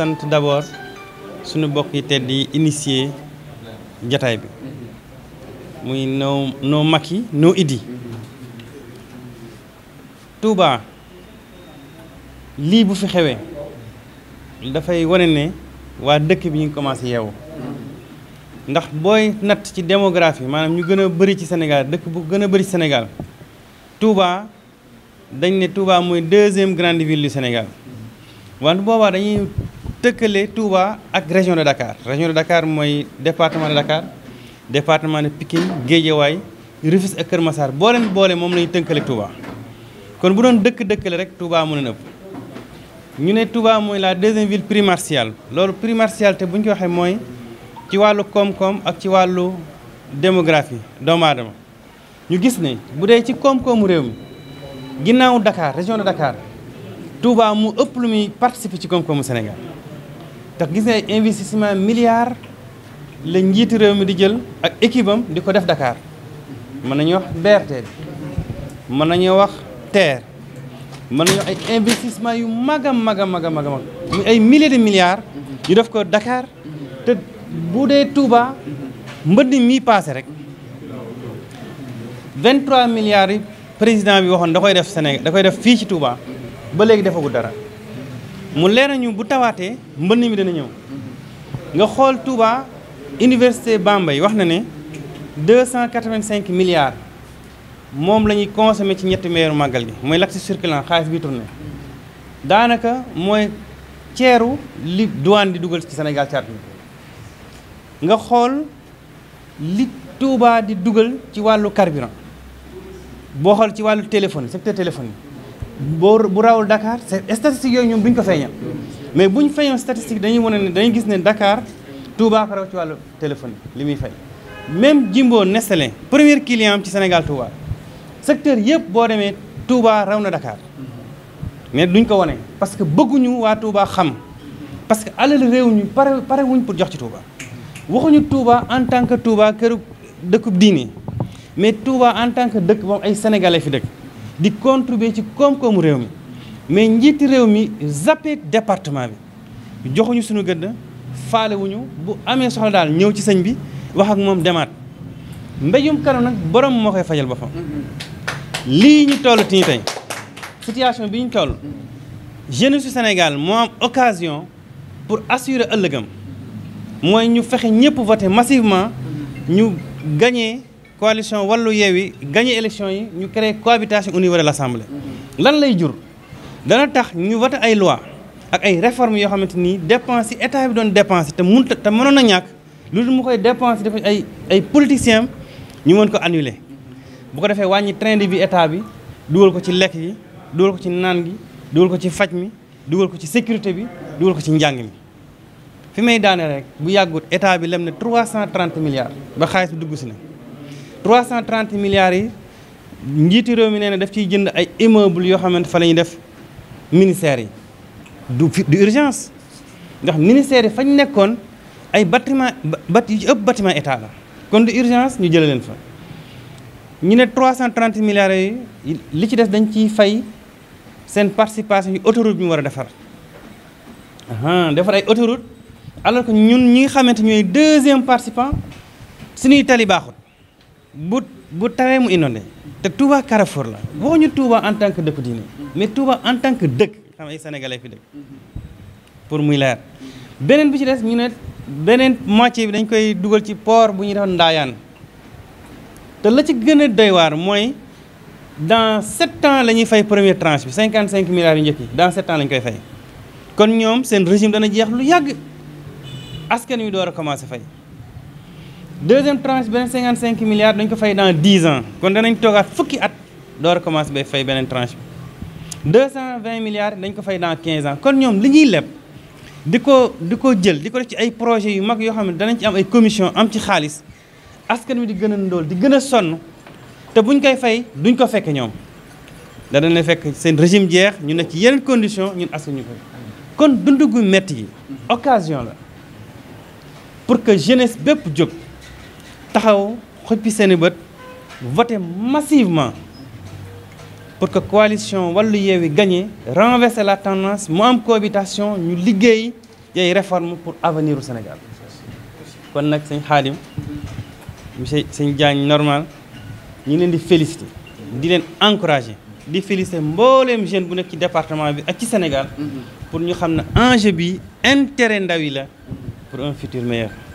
sant d'abord suñu bokk yi tedd yi initié jataay bi muy noo noo Macky noo Idy Touba lii bu fi xewee dafay wane ne waa dëkk bi ñu ngi commencé ndax booy natt ci démographie maanaam ñu gën a bëri ci Sénégal dëkk bu gën a bëri ci Sénégal Touba dañ ne Touba mooy deuxième grande ville du Sénégal wante boobaa dañuy tëkkale Touba ak région de Dakar région de Dakar mooy département de Dakar département de Pikine Guédiawaye Rufisque ak Kër Massar boo boole moom la ñu tënkale Touba kon bu doon dëkk dëkkale rek Touba mu leen ëpp. ñu ne Touba mooy la deuxième ville primatiale loolu primatialité bu ñu ko waxee mooy ci wàllu koom-koom ak ci wàllu démographie doomu aadama ñu gis ne bu dee ci koom-koomu réew mi ginnaaw dakaar région de Dakar Touba mu ëpp lu muy participer ci koom-koomu Sénégal. ndax gis nga investissement milliard la njiitu réew mi di jël ak équipe di ko def dakaar mën nañu wax BRT bi mën nañu wax TER mën nañu wax ay investissement yu mag a mag a mag a mag ay milliers de milliards def ko Dakar te bu dee Touba mbënd mi paase rek 23 milliards yi président bi waxoon da koy def Sénégal da koy def fii ci Touba ba léegi defagu dara mu leer ñu bu tawaatee mbënn mi dana ñëw nga xool Touba université yi wax na ne deux cent quatre cinq milliards moom la ñuy consommé ci ñetti meeru màggal gi mooy l'axe circulant xaalis bi tourné daanaka mooy ceeru li douane di dugal ci Sénégal ci at mi nga xool li Touba di dugal ci wàllu carburant boo xool ci wàllu téléphone secteur téléphone yi boo bu rawul Dakar statistiques yooyu ñoom duñ ko feeñal mais buñ feeñoo statistique dañuy wane ne dañuy gis ne dakaar Touba ko raw ci wàllu téléphone li muy fay. même Jimbo Nestlé premier client am ci Sénégal Touba secteur yëpp boo demee Touba raw na Dakar mais duñ ko wane parce que bëgguñu waa Touba xam parce que alal réew ñu pare pare pour jox ci Touba. waxuñu Touba en tant que Touba këru dëkku diini mais Touba en tant que dëkk moom ay sénégalais fi dëkk. di contribuer ci koom-koomu réew mi mais njiiti réew mi zappé département bi joxuñu suñu gëdd faalewuñu bu amee soxla daal ñëw ci sëñ bi wax ak moom demaat mbéyum kanam nag borom moo koy fajal boppam lii ñu toll tiñu tey situation bi ñu toll jeunesse su Sénégal moo am occasion pour assurer ëllëgam mooy ñu fexe ñëpp voter massivement ñu gagner coalition wàllu yeewi gagné élection yi ñu créé cohabitation au niveau de l' lan lay jur dana tax ñu voté ay loi ak ay réformes yoo xamante ni dépense yi état bi doon dépense te mun te mënoon a ñàkk lu dul mu koy dépense dafa ay ay politiciens ñu mën ko annuler bu ko defee wàññi train bi état bi dugal ko ci lekk yi dugal ko ci naan gi dugal ko ci faj mi dugal ko ci sécurité bi dugal ko ci njàng mi. fi may daane rek bu yàggut état bi lem ne 330 milliards ba xaalis dugg si na. 330 milliards yi njiiti réew mi nee na daf ciy jënd ay immeuble yoo xamante fa la ñuy def ministères yi du du urgence ndax ministères yi fañ nekkoon ay bâtiment bat yi ëpp bâtiment état la kon du urgence ñu jëlee leen fa ñu ne 330 milliards yi li ci des dañ ciy fay seen participation yi autoroute ñu war a defar defar ay autoroute alors que ñun ñi nga xamante ñooy deuxième participant suñuy tali baaxut bu bu tawee mu inondé te Touba Carrefour la boo ñu Touba en tant que dëkku diine mais Touba en tant que dëkk xam ay sénégalais fi dëkk pour muy leer beneen bi ci des ñu ne beneen moitié bi dañ koy dugal ci poor bu ñuy def ndaayaan te la ci gën a doy waar mooy dans sept ans la ñuy fay première tranche bi cinquante cinq milliards yu njëkk yi dans sept ans la ñu koy fay kon ñoom seen régime dana jeex lu yàgg askan wi door a commencé fay deuxième tranche beneen cinquante cinq milliards dañ ko fay dans dix ans kon danañ toogaat fukki at door a commencé bay beneen tranche bi deux cent vingt milliards dañ ko fay dans quinze ans kon ñoom li ñuy leb di ko di ko jël di ko def ci ay projets yu mag yoo xam ne danañ ci am ay commission am ci xaalis askan wi di gën a ndool di gën a sonn te buñ koy fay duñ ko fekk ñoom danañ la fekk seen régime jeex ñu ne ci yeneen condition ñun askan ñu ko kon dund gu métti yi occasion la pour que jeunesse bépp jóg taxaw xëppi seeni bët voté massivement pour que coalition wàllu yeewi gagné renverser la tendance mu am cohabitation ñu liggéey yay réforme pour aveniru u Sénégal kon nag sëñ Xaadim monsieur sëñ Diagne normal ñu leen di félicité di leen encouragé di félicité mbooleem jeune bu nekk ci département bi ak ci Sénégal mm-hmm. pour ñu xam ne enjeu bi intérêt ndaw yi la pour un futur meilleur